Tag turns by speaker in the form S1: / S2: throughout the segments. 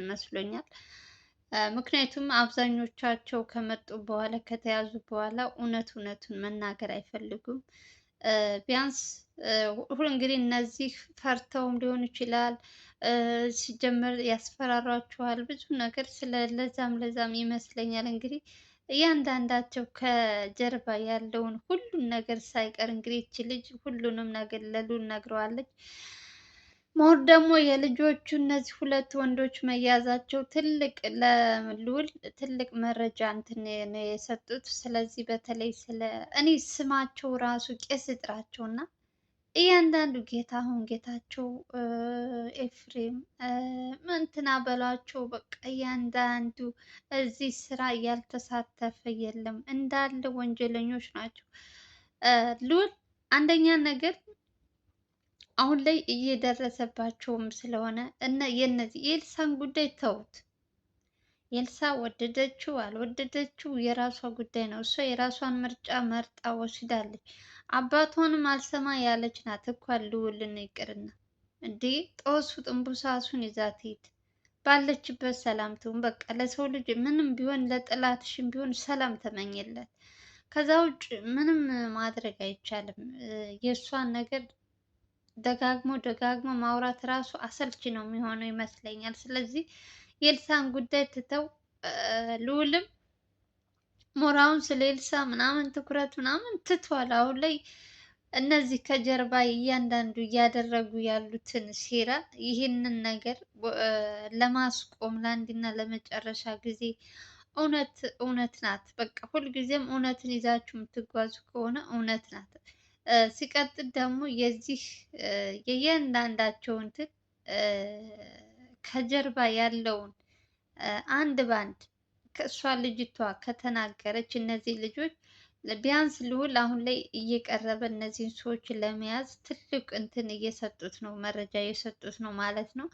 S1: ይመስለኛል። ምክንያቱም አብዛኞቻቸው ከመጡ በኋላ ከተያዙ በኋላ እውነት እውነቱን መናገር አይፈልጉም። ቢያንስ ሁሉ እንግዲህ እነዚህ ፈርተውም ሊሆን ይችላል። ሲጀመር ያስፈራሯችኋል ብዙ ነገር ስለ ለዛም ለዛም ይመስለኛል እንግዲህ እያንዳንዳቸው ከጀርባ ያለውን ሁሉን ነገር ሳይቀር እንግዲህ ይቺ ልጅ ሁሉንም ነገር ለሉል ነግረዋለች። ሞር ደግሞ የልጆቹ እነዚህ ሁለት ወንዶች መያዛቸው ትልቅ ለልዑል ትልቅ መረጃ እንትን ነው የሰጡት። ስለዚህ በተለይ ስለ እኔ ስማቸው ራሱ ቄስ እጥራቸው እና እያንዳንዱ ጌታ ጌታቸው ኤፍሬም ምንትና በሏቸው በቃ እያንዳንዱ እዚህ ስራ እያልተሳተፈ የለም እንዳለ ወንጀለኞች ናቸው። ልዑል አንደኛ ነገር አሁን ላይ እየደረሰባቸውም ስለሆነ እና የነዚህ የኤልሳን ጉዳይ ተውት። ኤልሳ ወደደችው አልወደደችው የራሷ ጉዳይ ነው። እሷ የራሷን ምርጫ መርጣ ወስዳለች። አባቷንም አልሰማ ያለች ናት እኮ ልውልን ይቅርና እንዴ ጦሱ ጥንቡሳሱን ይዛ ትሄድ ባለችበት ሰላም ትሁን። በቃ ለሰው ልጅ ምንም ቢሆን ለጥላትሽም ቢሆን ሰላም ተመኝለት። ከዛ ውጭ ምንም ማድረግ አይቻልም። የእሷን ነገር ደጋግሞ ደጋግሞ ማውራት ራሱ አሰልቺ ነው የሚሆነው ይመስለኛል። ስለዚህ የኤልሳን ጉዳይ ትተው ልውልም ሞራውን ስለ ኤልሳ ምናምን ትኩረት ምናምን ትቷል። አሁን ላይ እነዚህ ከጀርባ እያንዳንዱ እያደረጉ ያሉትን ሴራ ይህንን ነገር ለማስቆም ለአንድና ለመጨረሻ ጊዜ እውነት እውነት ናት። በቃ ሁልጊዜም እውነትን ይዛችሁ የምትጓዙ ከሆነ እውነት ናት። ሲቀጥል ደግሞ የዚህ የእያንዳንዳቸው እንትን ከጀርባ ያለውን አንድ ባንድ ከእሷ ልጅቷ ከተናገረች እነዚህ ልጆች ቢያንስ ልውል አሁን ላይ እየቀረበ እነዚህን ሰዎች ለመያዝ ትልቅ እንትን እየሰጡት ነው፣ መረጃ እየሰጡት ነው ማለት ነው።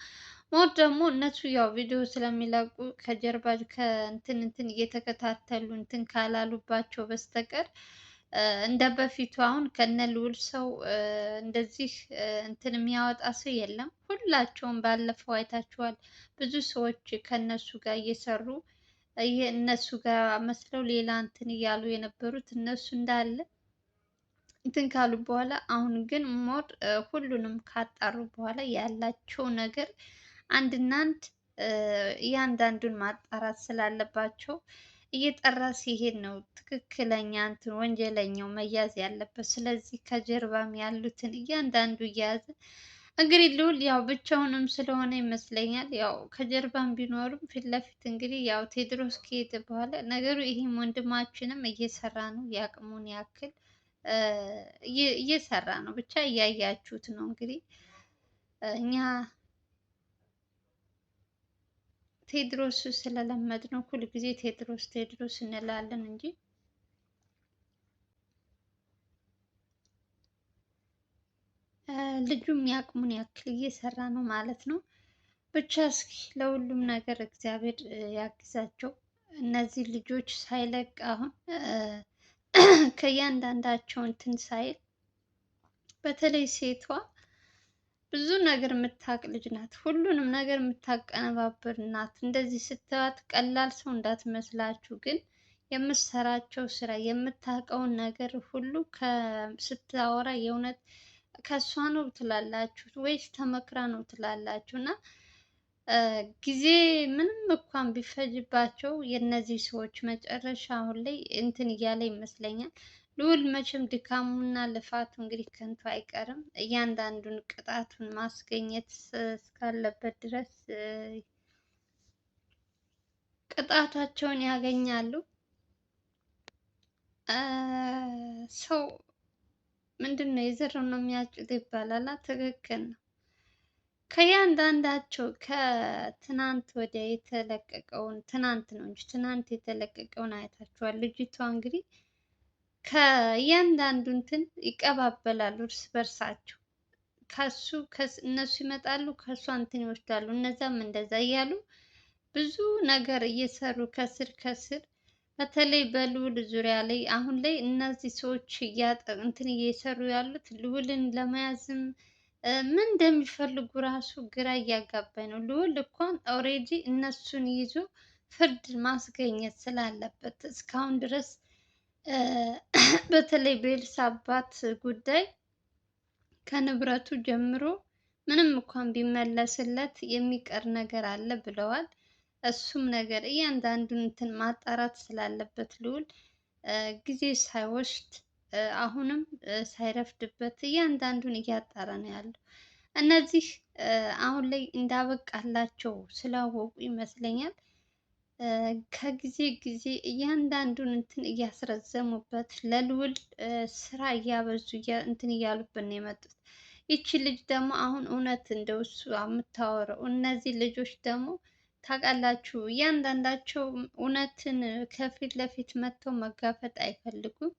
S1: ሞት ደግሞ እነሱ ያው ቪዲዮ ስለሚለቁ ከጀርባ ከእንትን እንትን እየተከታተሉ እንትን ካላሉባቸው በስተቀር እንደ በፊቱ አሁን ከነ ልዑል ሰው እንደዚህ እንትን የሚያወጣ ሰው የለም። ሁላቸውም ባለፈው አይታችኋል። ብዙ ሰዎች ከነሱ ጋር እየሰሩ እነሱ ጋር መስለው ሌላ እንትን እያሉ የነበሩት እነሱ እንዳለ እንትን ካሉ በኋላ አሁን ግን ሞር ሁሉንም ካጣሩ በኋላ ያላቸው ነገር አንድና አንድ እያንዳንዱን ማጣራት ስላለባቸው እየጠራ ሲሄድ ነው ትክክለኛ እንትን ወንጀለኛው መያዝ ያለበት። ስለዚህ ከጀርባም ያሉትን እያንዳንዱ እየያዘ እንግዲህ ልዑል ያው ብቻውንም ስለሆነ ይመስለኛል። ያው ከጀርባም ቢኖርም ፊት ለፊት እንግዲህ ያው ቴዎድሮስ ከሄደ በኋላ ነገሩ ይህም ወንድማችንም እየሰራ ነው የአቅሙን ያክል እየሰራ ነው። ብቻ እያያችሁት ነው እንግዲህ እኛ ቴድሮስ ስለለመድ ነው ሁል ጊዜ ቴድሮስ ቴድሮስ እንላለን እንጂ ልጁም ያቅሙን ያክል እየሰራ ነው ማለት ነው። ብቻ እስኪ ለሁሉም ነገር እግዚአብሔር ያግዛቸው። እነዚህ ልጆች ሳይለቅ አሁን ከእያንዳንዳቸው እንትን ሳይል በተለይ ሴቷ ብዙ ነገር የምታቅ ልጅ ናት። ሁሉንም ነገር የምታቀነባብር ናት። እንደዚህ ስትዋት ቀላል ሰው እንዳትመስላችሁ። ግን የምትሰራቸው ስራ የምታውቀውን ነገር ሁሉ ስታወራ የእውነት ከእሷ ነው ትላላችሁ ወይስ ተመክራ ነው ትላላችሁ? እና ጊዜ ምንም እንኳን ቢፈጅባቸው የእነዚህ ሰዎች መጨረሻ አሁን ላይ እንትን እያለ ይመስለኛል ልዑል መቼም ድካሙና ልፋቱ እንግዲህ ከንቱ አይቀርም። እያንዳንዱን ቅጣቱን ማስገኘት እስካለበት ድረስ ቅጣታቸውን ያገኛሉ። ሰው ምንድን ነው የዘረው ነው የሚያጭድ ይባላል። ትክክል ነው። ከእያንዳንዳቸው ከትናንት ወዲያ የተለቀቀውን ትናንት ነው እንጂ ትናንት የተለቀቀውን አይታችኋል። ልጅቷ እንግዲህ ከእያንዳንዱ እንትን ይቀባበላሉ እርስ በርሳቸው። ከሱ እነሱ ይመጣሉ፣ ከእሷ እንትን ይወስዳሉ፣ እነዛም እንደዛ እያሉ ብዙ ነገር እየሰሩ ከስር ከስር በተለይ በልዑል ዙሪያ ላይ አሁን ላይ እነዚህ ሰዎች እንትን እየሰሩ ያሉት ልዑልን ለመያዝም ምን እንደሚፈልጉ ራሱ ግራ እያጋባኝ ነው። ልዑል እንኳን ኦሬዲ እነሱን ይዞ ፍርድ ማስገኘት ስላለበት እስካሁን ድረስ በተለይ በኤልሳ አባት ጉዳይ ከንብረቱ ጀምሮ ምንም እንኳን ቢመለስለት የሚቀር ነገር አለ ብለዋል። እሱም ነገር እያንዳንዱን እንትን ማጣራት ስላለበት ልዑል ጊዜ ሳይወስድ አሁንም ሳይረፍድበት እያንዳንዱን እያጣራ ነው ያለው። እነዚህ አሁን ላይ እንዳበቃላቸው ስላወቁ ይመስለኛል ከጊዜ ጊዜ እያንዳንዱን እንትን እያስረዘሙበት ለልውል ስራ እያበዙ እንትን እያሉብን የመጡት። ይቺ ልጅ ደግሞ አሁን እውነት እንደው እሱ የምታወራው እነዚህ ልጆች ደግሞ ታውቃላችሁ፣ እያንዳንዳቸው እውነትን ከፊት ለፊት መጥተው መጋፈጥ አይፈልጉም።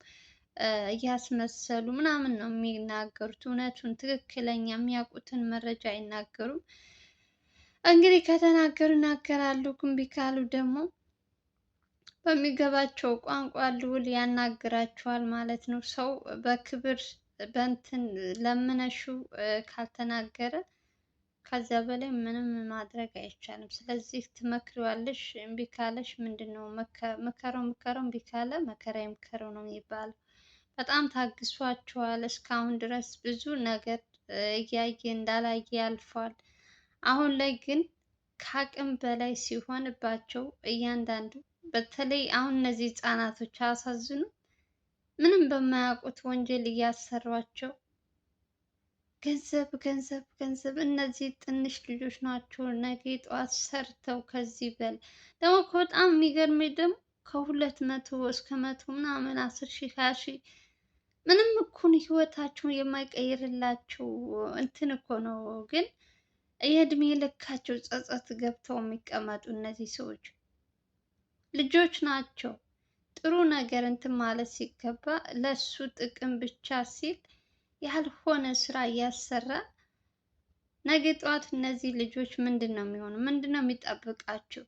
S1: እያስመሰሉ ምናምን ነው የሚናገሩት። እውነቱን ትክክለኛ የሚያውቁትን መረጃ አይናገሩም። እንግዲህ ከተናገሩ ይናገራሉ፣ እምቢ ካሉ ደግሞ በሚገባቸው ቋንቋ ልውል ያናግራቸዋል ማለት ነው። ሰው በክብር በእንትን ለምነሹ ካልተናገረ ከዛ በላይ ምንም ማድረግ አይቻልም። ስለዚህ ትመክሪዋለሽ፣ እምቢ ካለሽ ምንድን ነው ምከረው፣ ምከረው፣ እምቢ ካለ መከራ ይምከረው ነው የሚባለው። በጣም ታግሷቸዋል። እስካሁን ድረስ ብዙ ነገር እያየ እንዳላየ ያልፏል። አሁን ላይ ግን ከአቅም በላይ ሲሆንባቸው እያንዳንዱ በተለይ አሁን እነዚህ ህጻናቶች አያሳዝኑ? ምንም በማያውቁት ወንጀል እያሰሯቸው ገንዘብ ገንዘብ ገንዘብ። እነዚህ ትንሽ ልጆች ናቸው። ነገ ጠዋት ሰርተው ከዚህ በል ደግሞ በጣም የሚገርመኝ ደግሞ ከሁለት መቶ እስከ መቶ ምናምን አስር ሺህ ሀያ ሺህ ምንም እኩን ህይወታቸውን የማይቀይርላቸው እንትን እኮ ነው ግን የእድሜ ልካቸው ጸጸት ገብተው የሚቀመጡ እነዚህ ሰዎች ልጆች ናቸው። ጥሩ ነገር እንትን ማለት ሲገባ ለሱ ጥቅም ብቻ ሲል ያልሆነ ስራ እያሰራ ነገ ጠዋት እነዚህ ልጆች ምንድን ነው የሚሆኑ? ምንድን ነው የሚጠብቃቸው?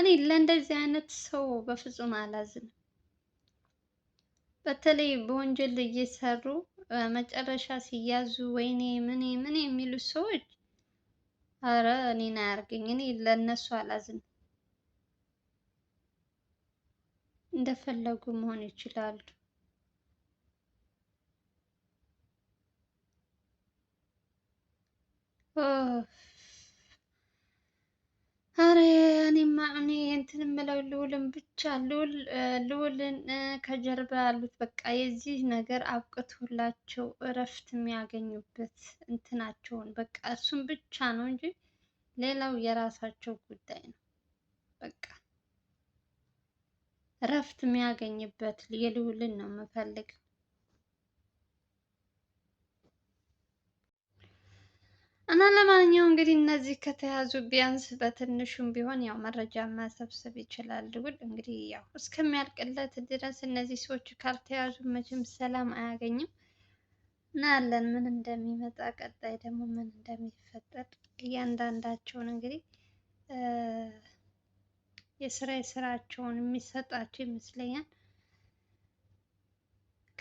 S1: እኔ ለእንደዚህ አይነት ሰው በፍጹም አላዝንም። በተለይ በወንጀል እየሰሩ በመጨረሻ ሲያዙ ወይኔ ምኔ ምኔ የሚሉ ሰዎች አረ እኔን አያርገኝ። እኔ ለእነሱ አላዝን እንደፈለጉ መሆን ይችላሉ። አረ እኔማ እኔ እንትን የምለው ልዑልን ብቻ ልውልን ከጀርባ ያሉት በቃ የዚህ ነገር አብቅቶላቸው እረፍት የሚያገኙበት እንትናቸውን በቃ እሱን ብቻ ነው እንጂ ሌላው የራሳቸው ጉዳይ ነው። በቃ እረፍት የሚያገኝበት የልውልን ነው የምፈልገው። እና ለማንኛውም እንግዲህ እነዚህ ከተያዙ ቢያንስ በትንሹም ቢሆን ያው መረጃ መሰብሰብ ይችላሉ። እንግዲህ ያው እስከሚያልቅለት ድረስ እነዚህ ሰዎች ካልተያዙ መቼም ሰላም አያገኝም። እናያለን ምን እንደሚመጣ ቀጣይ ደግሞ ምን እንደሚፈጠር እያንዳንዳቸውን እንግዲህ የስራ የስራቸውን የሚሰጣቸው ይመስለኛል።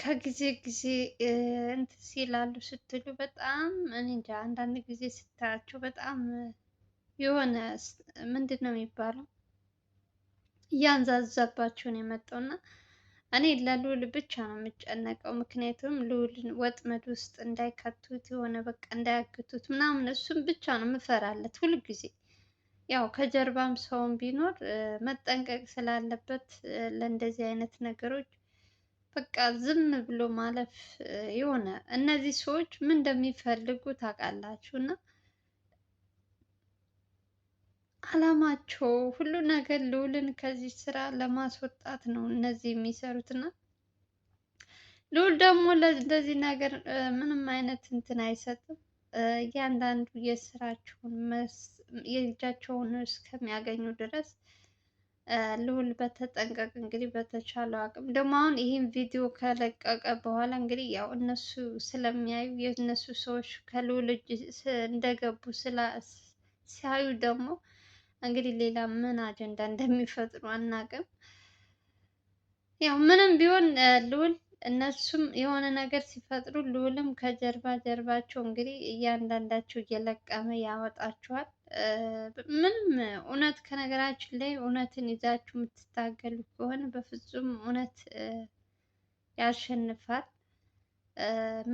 S1: ከጊዜ ጊዜ እንትን ሲላሉ ስትሉ በጣም እኔ እንጃ አንዳንድ ጊዜ ስታያቸው በጣም የሆነ ምንድን ነው የሚባለው እያንዛዛባቸው ነው የመጣው እና እኔ ለልዑል ብቻ ነው የምጨነቀው። ምክንያቱም ልዑልን ወጥመድ ውስጥ እንዳይከቱት የሆነ በቃ እንዳያግቱት ምናምን እሱም ብቻ ነው የምፈራለት ሁልጊዜ። ያው ከጀርባም ሰውም ቢኖር መጠንቀቅ ስላለበት ለእንደዚህ አይነት ነገሮች በቃ ዝም ብሎ ማለፍ የሆነ እነዚህ ሰዎች ምን እንደሚፈልጉ ታውቃላችሁ። እና አላማቸው ሁሉ ነገር ልዑልን ከዚህ ስራ ለማስወጣት ነው እነዚህ የሚሰሩት። እና ልዑል ደግሞ ለዚህ ነገር ምንም አይነት እንትን አይሰጥም። እያንዳንዱ የስራቸውን የእጃቸውን እስከሚያገኙ ድረስ ልዑል በተጠንቀቅ እንግዲህ በተቻለው አቅም ደግሞ አሁን ይህን ቪዲዮ ከለቀቀ በኋላ እንግዲህ ያው እነሱ ስለሚያዩ የእነሱ ሰዎች ከልዑል እጅ እንደገቡ ሲያዩ ደግሞ እንግዲህ ሌላ ምን አጀንዳ እንደሚፈጥሩ አናቅም። ያው ምንም ቢሆን ልዑል እነሱም የሆነ ነገር ሲፈጥሩ ልዑልም ከጀርባ ጀርባቸው እንግዲህ እያንዳንዳቸው እየለቀመ ያወጣቸዋል። ምንም እውነት ከነገራችን ላይ እውነትን ይዛችሁ የምትታገሉ ከሆነ በፍጹም እውነት ያሸንፋል።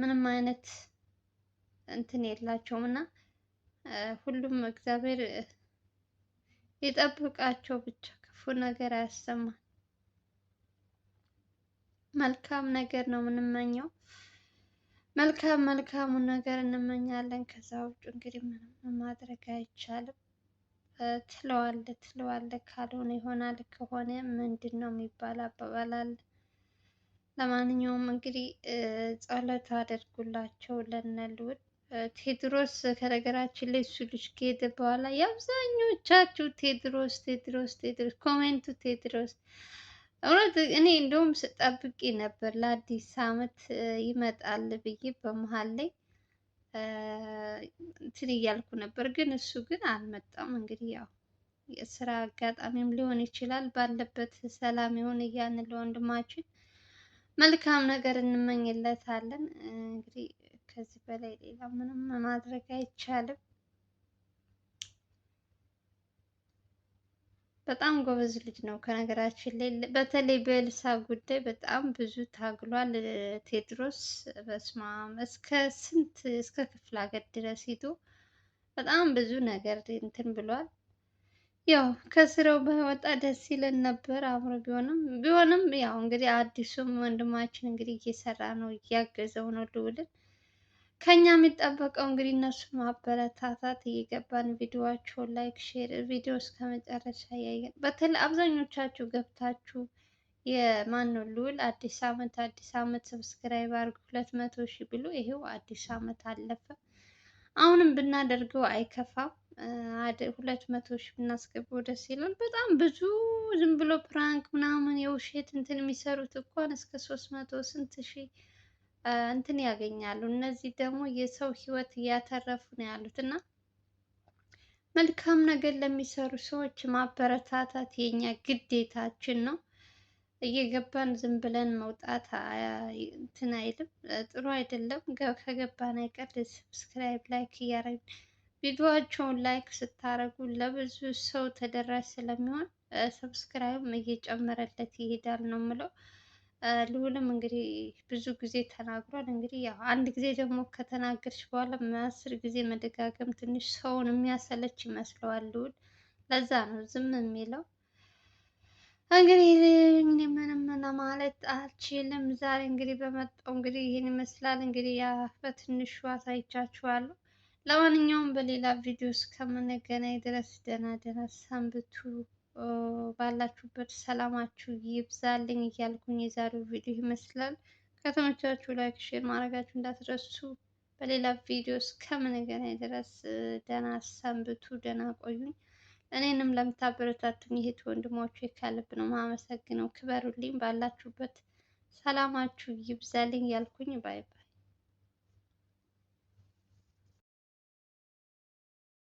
S1: ምንም አይነት እንትን የላቸውም እና ሁሉም እግዚአብሔር ይጠብቃቸው ብቻ ክፉ ነገር አያሰማም። መልካም ነገር ነው የምንመኘው። መልካም መልካሙ ነገር እንመኛለን። ከዛ ውጭ እንግዲህ ምንም ማድረግ አይቻልም። ትለዋለ ትለዋለ ካልሆነ ይሆናል ከሆነ ምንድን ነው የሚባል አባባል አለ። ለማንኛውም እንግዲህ ጸሎት አድርጉላቸው ለእነ ልዑል ቴድሮስ። ከነገራችን ላይ እሱ ልጅ ከሄደ በኋላ የአብዛኞቻችሁ ቴድሮስ ቴድሮስ ቴድሮስ ኮሜንቱ ቴድሮስ እውነት እኔ እንደውም ስጠብቅ ነበር ለአዲስ አመት ይመጣል ብዬ በመሀል ላይ እንትን እያልኩ ነበር፣ ግን እሱ ግን አልመጣም። እንግዲህ ያው የስራ አጋጣሚም ሊሆን ይችላል። ባለበት ሰላም ይሁን እያልን ለወንድማችን መልካም ነገር እንመኝለታለን። እንግዲህ ከዚህ በላይ ሌላ ምንም ማድረግ አይቻልም። በጣም ጎበዝ ልጅ ነው። ከነገራችን ላይ በተለይ በኤልሳ ጉዳይ በጣም ብዙ ታግሏል። ቴድሮስ በስማም እስከ ስንት እስከ ክፍለ ሀገር ድረስ ሂዶ በጣም ብዙ ነገር እንትን ብሏል። ያው ከስራው በወጣ ደስ ይለን ነበር አብሮ ቢሆንም ቢሆንም ያው እንግዲህ አዲሱም ወንድማችን እንግዲህ እየሰራ ነው እያገዘው ነው ልውልን ከኛ የሚጠበቀው እንግዲህ እነሱ ማበረታታት እየገባን ቪዲዮዋቸውን ላይክ፣ ሼር ቪዲዮ እስከ መጨረሻ ያየን። በተለይ አብዛኞቻችሁ ገብታችሁ የማን ነው ልዑል አዲስ አመት አዲስ አመት ሰብስክራይብ አድርጉ ሁለት መቶ ሺህ ብሎ ይሄው አዲስ አመት አለፈ። አሁንም ብናደርገው አይከፋም። ሁለት መቶ ሺህ ብናስገባው ደስ ይላል። በጣም ብዙ ዝም ብሎ ፕራንክ ምናምን የውሸት እንትን የሚሰሩት እንኳን እስከ ሶስት መቶ ስንት ሺህ እንትን ያገኛሉ። እነዚህ ደግሞ የሰው ህይወት እያተረፉ ነው ያሉት እና መልካም ነገር ለሚሰሩ ሰዎች ማበረታታት የኛ ግዴታችን ነው። እየገባን ዝም ብለን መውጣት እንትን አይልም፣ ጥሩ አይደለም። ከገባን አይቀር ሰብስክራይብ፣ ላይክ እያደረግን ቪዲዮዋቸውን ላይክ ስታደርጉ ለብዙ ሰው ተደራሽ ስለሚሆን ሰብስክራይብም እየጨመረለት ይሄዳል ነው የምለው። ልዑልም እንግዲህ ብዙ ጊዜ ተናግሯል። እንግዲህ ያው አንድ ጊዜ ደግሞ ከተናገርሽ በኋላ አስር ጊዜ መደጋገም ትንሽ ሰውን የሚያሰለች ይመስለዋል ልዑል። ለዛ ነው ዝም የሚለው። እንግዲህ ምንም ለማለት አልችልም። ዛሬ እንግዲህ በመጣው እንግዲህ ይህን ይመስላል። እንግዲህ ያ በትንሹ አሳይቻችኋለሁ። ለማንኛውም በሌላ ቪዲዮ እስከምንገናኝ ድረስ ደህና ደህና ሰንብቱ። ባላችሁበት ሰላማችሁ ይብዛልኝ እያልኩኝ የዛሬው ቪዲዮ ይመስላል። ከተመቻችሁ ላይክ፣ ሼር ማድረጋችሁ እንዳትረሱ። በሌላ ቪዲዮ እስከምንገናኝ ድረስ ደህና ሰንብቱ፣ ደህና ቆዩኝ። እኔንም ለምታበረታቱኝ ይሄት ወንድሞቼ ከልብ ነው ማመሰግነው። ክበሩልኝ። ባላችሁበት ሰላማችሁ ይብዛልኝ እያልኩኝ ባይ ባይ።